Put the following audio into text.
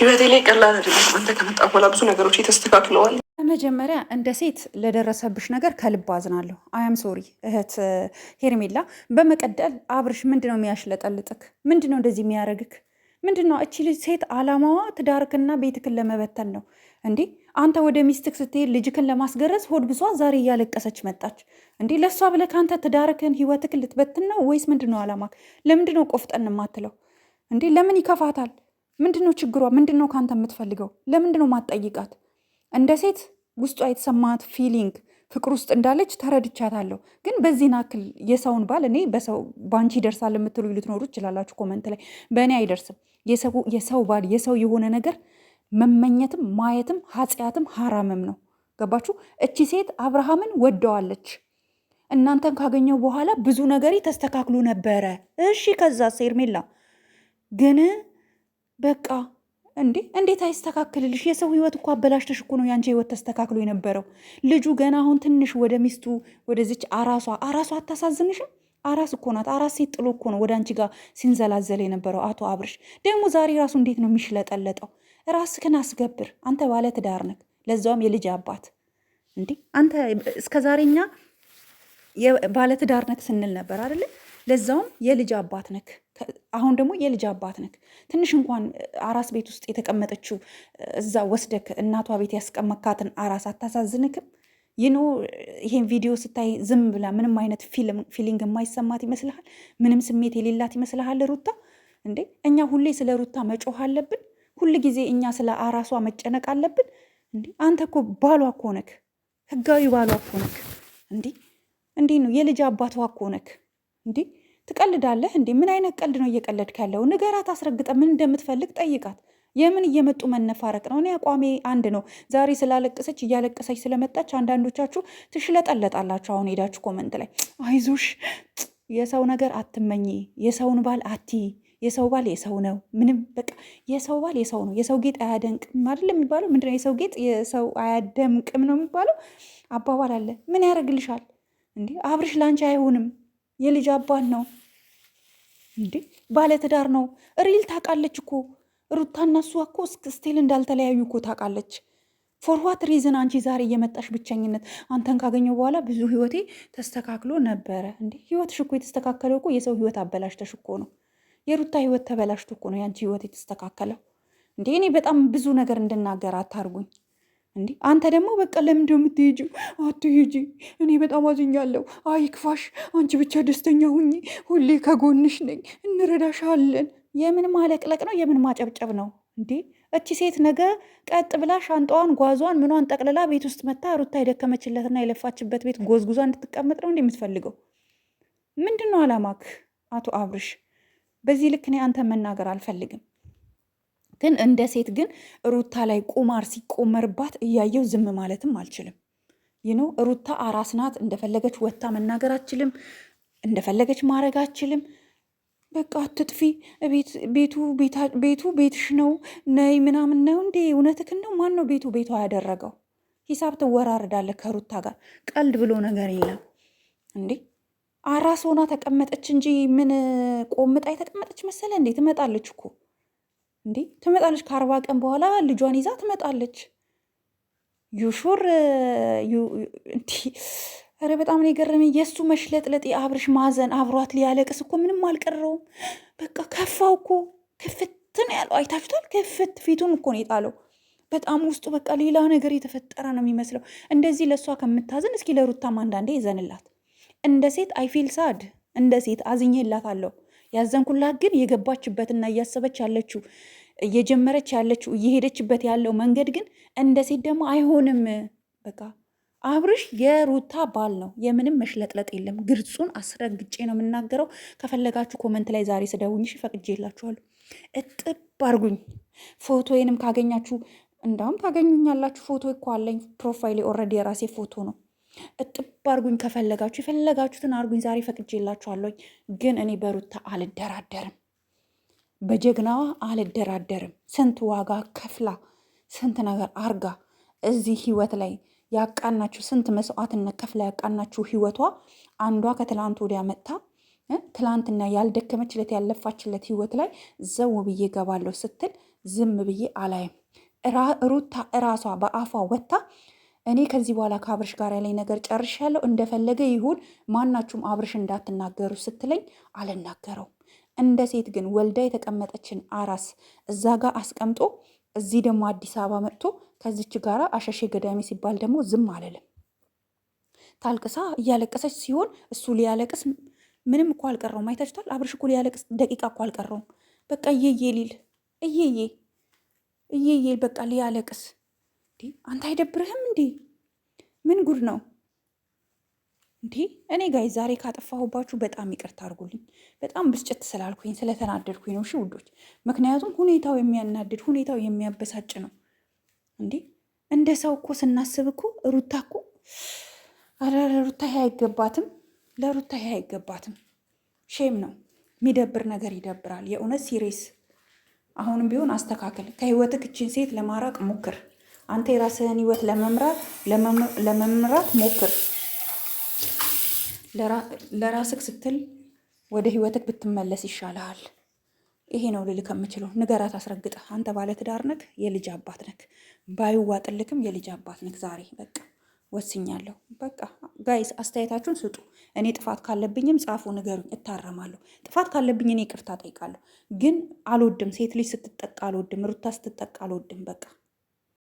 ህይወቴ ላይ ቀላል አይደለም። አንተ ከመጣ በኋላ ብዙ ነገሮች ተስተካክለዋል። በመጀመሪያ እንደ ሴት ለደረሰብሽ ነገር ከልብ አዝናለሁ። አያም ሶሪ እህት ሄርሜላ። በመቀጠል አብርሽ ምንድነው የሚያሽለጠልጥክ? ምንድነው እንደዚህ የሚያደርግክ? ምንድነው እቺ ልጅ ሴት አላማዋ ትዳርክና ቤትክን ለመበተን ነው እንዴ? አንተ ወደ ሚስትክ ስትሄድ ልጅክን ለማስገረዝ ሆድ ብሷ ዛሬ እያለቀሰች መጣች እንዴ? ለእሷ ብለህ ከአንተ ትዳርክን ህይወትክን ልትበትን ነው ወይስ ምንድነው አላማክ? ነው ቆፍጠን የማትለው እንዴ? ለምን ይከፋታል? ምንድነው ችግሯ? ምንድነው ከአንተ የምትፈልገው? ለምንድነው ማጠይቃት እንደ ሴት ውስጧ የተሰማት ፊሊንግ ፍቅር ውስጥ እንዳለች ተረድቻታለሁ። ግን በዚህ ናክል የሰውን ባል እኔ በሰው በአንቺ ይደርሳል የምትሉ ልትኖሩ ይችላላችሁ ኮመንት ላይ፣ በእኔ አይደርስም። የሰው ባል የሰው የሆነ ነገር መመኘትም ማየትም ኃጢአትም ሀራምም ነው። ገባችሁ? እቺ ሴት አብርሃምን ወደዋለች። እናንተን ካገኘው በኋላ ብዙ ነገር ተስተካክሎ ነበረ። እሺ፣ ከዛ ሄርሜላ ግን በቃ እንዴ እንዴት አይስተካከልልሽ? የሰው ህይወት እኮ አበላሽተሽ እኮ ነው ያንቺ ህይወት ተስተካክሎ የነበረው። ልጁ ገና አሁን ትንሽ ወደ ሚስቱ ወደዚች አራሷ አራሷ አታሳዝንሽም? አራስ እኮ ናት። አራስ ሴት ጥሎ እኮ ነው ወደ አንቺ ጋር ሲንዘላዘል የነበረው አቶ አብርሽ። ደግሞ ዛሬ ራሱ እንዴት ነው የሚሽለጠለጠው? ራስክን አስገብር። አንተ ባለ ትዳር ነክ፣ ለዛውም የልጅ አባት። እንዴ አንተ እስከ ዛሬኛ ባለ ትዳር ስንል ነበር አደለ። ለዛውም የልጅ አባት ነክ አሁን ደግሞ የልጅ አባት ነክ ትንሽ እንኳን አራስ ቤት ውስጥ የተቀመጠችው እዛ ወስደክ እናቷ ቤት ያስቀመካትን አራስ አታሳዝንክም? ይኖ ይሄን ቪዲዮ ስታይ ዝም ብላ ምንም አይነት ፊሊንግ የማይሰማት ይመስልሃል? ምንም ስሜት የሌላት ይመስልሃል? ሩታ እንዴ እኛ ሁሌ ስለ ሩታ መጮህ አለብን? ሁል ጊዜ እኛ ስለ አራሷ መጨነቅ አለብን? እንዴ አንተ እኮ ባሏ እኮ ነክ፣ ህጋዊ ባሏ እኮ ነክ። እንዴ እንዴ ነው የልጅ አባቷ እኮ ነክ እንዴ ትቀልዳለህ እንዴ? ምን አይነት ቀልድ ነው እየቀለድክ ያለው? ንገራት አስረግጠ ምን እንደምትፈልግ ጠይቃት። የምን እየመጡ መነፋረቅ ነው? እኔ አቋሜ አንድ ነው። ዛሬ ስላለቀሰች እያለቀሰች ስለመጣች አንዳንዶቻችሁ ትሽለጠለጣላችሁ። አሁን ሄዳችሁ ኮመንት ላይ አይዞሽ፣ የሰው ነገር አትመኝ፣ የሰውን ባል አቲ የሰው ባል የሰው ነው። ምንም በቃ የሰው ባል የሰው ነው። የሰው ጌጥ አያደንቅም አይደል የሚባለው? ምንድነው የሰው ጌጥ የሰው አያደምቅም ነው የሚባለው አባባል አለ። ምን ያደርግልሻል እንዲህ አብርሽ ላንቺ አይሆንም። የልጅ አባት ነው። እንዴ ባለትዳር ነው ሪል ታውቃለች እኮ ሩታና እሷ እኮ ስቴል እንዳልተለያዩ እኮ ታውቃለች። ፎርዋት ሪዝን አንቺ ዛሬ እየመጣሽ ብቸኝነት አንተን ካገኘው በኋላ ብዙ ህይወቴ ተስተካክሎ ነበረ። እንዴ ህይወትሽ እኮ የተስተካከለው እኮ የሰው ህይወት አበላሽተሽ እኮ ነው። የሩታ ህይወት ተበላሽቶ እኮ ነው ያንቺ ህይወት የተስተካከለው። እንዴ እኔ በጣም ብዙ ነገር እንድናገር አታርጉኝ። እንዲህ አንተ ደግሞ በቃ ለምንድ ነው የምትሄጂው? አትሄጂ፣ እኔ በጣም አዝኛለሁ። አይ ክፋሽ፣ አንቺ ብቻ ደስተኛ ሁኚ፣ ሁሌ ከጎንሽ ነኝ፣ እንረዳሻለን። የምን ማለቅለቅ ነው? የምን ማጨብጨብ ነው እንዴ? እቺ ሴት ነገ ቀጥ ብላ ሻንጣዋን፣ ጓዟን፣ ምኗን ጠቅልላ ቤት ውስጥ መታ ሩታ የደከመችለትና የለፋችበት ቤት ጎዝጉዛ እንድትቀመጥ ነው እንዲ የምትፈልገው? ምንድን ነው አላማክ? አቶ አብርሽ፣ በዚህ ልክ እኔ አንተ መናገር አልፈልግም። ግን እንደ ሴት ግን ሩታ ላይ ቁማር ሲቆመርባት እያየው ዝም ማለትም አልችልም። ይኖ ሩታ አራስ ናት። እንደፈለገች ወታ መናገር አችልም፣ እንደፈለገች ማድረግ አችልም። በቃ አትጥፊ፣ ቤቱ ቤትሽ ነው፣ ነይ ምናምን ነው እንዴ? እውነትህን ነው። ማን ነው ቤቱ ቤቷ ያደረገው? ሂሳብ ትወራርዳለህ ከሩታ ጋር። ቀልድ ብሎ ነገር የለም እንዴ? አራስ ሆና ተቀመጠች እንጂ ምን ቆምጣ የተቀመጠች መሰለ እንዴ? ትመጣለች እኮ እንዴ ትመጣለች። ከአርባ ቀን በኋላ ልጇን ይዛ ትመጣለች። ዩሹር ኧረ በጣም ነው የገረመኝ። የእሱ መሽለጥለጥ፣ የአብርሽ ማዘን፣ አብሯት ሊያለቅስ እኮ ምንም አልቀረውም። በቃ ከፋው እኮ ክፍት ነው ያለው። አይታችሁታል? ክፍት ፊቱን እኮ ነው የጣለው። በጣም ውስጡ በቃ ሌላ ነገር የተፈጠረ ነው የሚመስለው። እንደዚህ ለእሷ ከምታዝን እስኪ ለሩታም አንዳንዴ ይዘንላት። እንደ ሴት አይፊል ሳድ እንደ ሴት አለው። ያዘንኩላት ግን የገባችበትና እያሰበች ያለችው እየጀመረች ያለችው እየሄደችበት ያለው መንገድ ግን እንደ ሴት ደግሞ አይሆንም። በቃ አብርሽ የሩታ ባል ነው። የምንም መሽለጥለጥ የለም። ግርጹን አስረግጬ ነው የምናገረው። ከፈለጋችሁ ኮመንት ላይ ዛሬ ስደውኝ ፈቅጄ የላችኋለሁ። እጥብ አርጉኝ። ወይንም ካገኛችሁ እንዳውም ታገኙኛላችሁ። ፎቶ እኮ አለኝ ፕሮፋይሌ ኦልሬዲ የራሴ ፎቶ ነው። እጥብ አርጉኝ ከፈለጋችሁ የፈለጋችሁትን አርጉኝ፣ ዛሬ ፈቅጄላችኋለሁ። ግን እኔ በሩታ አልደራደርም፣ በጀግናዋ አልደራደርም። ስንት ዋጋ ከፍላ ስንት ነገር አርጋ እዚህ ህይወት ላይ ያቃናችሁ ስንት መስዋዕትነት ከፍላ ያቃናችሁ ህይወቷ አንዷ ከትላንት ወዲያ መጥታ ትላንትና ያልደከመችለት ያለፋችለት ህይወት ላይ ዘው ብዬ ገባለሁ ስትል ዝም ብዬ አላይም። ሩታ እራሷ በአፏ ወጥታ እኔ ከዚህ በኋላ ከአብርሽ ጋር ያለኝ ነገር ጨርሻለሁ፣ እንደፈለገ ይሁን፣ ማናችሁም አብርሽ እንዳትናገሩ ስትለኝ አልናገረውም። እንደ ሴት ግን ወልዳ የተቀመጠችን አራስ እዛ ጋር አስቀምጦ እዚህ ደግሞ አዲስ አበባ መጥቶ ከዚች ጋር አሸሼ ገዳሜ ሲባል ደግሞ ዝም አልልም። ታልቅሳ እያለቀሰች ሲሆን እሱ ሊያለቅስ ምንም እኮ አልቀረው። አይታችታል። አብርሽ እኮ ሊያለቅስ ደቂቃ እኮ አልቀረውም። በቃ እየዬ ሊል እየዬ እየዬ በቃ ሊያለቅስ አንተ አይደብርህም እንዴ? ምን ጉድ ነው እንዴ? እኔ ጋይ ዛሬ ካጠፋሁባችሁ በጣም ይቅርታ አድርጉልኝ። በጣም ብስጭት ስላልኩኝ ስለተናደድኩኝ ነው። እሺ ውዶች፣ ምክንያቱም ሁኔታው የሚያናድድ ሁኔታው የሚያበሳጭ ነው። እንዴ እንደ ሰው እኮ ስናስብ እኮ ሩታ እኮ ሩታ አይገባትም፣ ለሩታ አይገባትም። ሼም ነው የሚደብር ነገር ይደብራል። የእውነት ሲሬስ አሁንም ቢሆን አስተካክል። ከህይወትህ ሴት ለማራቅ ሞክር። አንተ የራስህን ህይወት ለመምራት ሞክር። ለራስህ ስትል ወደ ህይወትህ ብትመለስ ይሻልሃል። ይሄ ነው ልልህ ከምችለው። ንገራት አስረግጠ አንተ ባለትዳር ነክ የልጅ አባት ነክ ባይዋጥልክም የልጅ አባት ነክ። ዛሬ በቃ ወስኛለሁ። በቃ ጋይስ አስተያየታችሁን ስጡ። እኔ ጥፋት ካለብኝም ጻፉ፣ ንገሩኝ፣ እታረማለሁ። ጥፋት ካለብኝ እኔ ቅርታ ጠይቃለሁ። ግን አልወድም፣ ሴት ልጅ ስትጠቃ አልወድም፣ ሩታ ስትጠቃ አልወድም። በቃ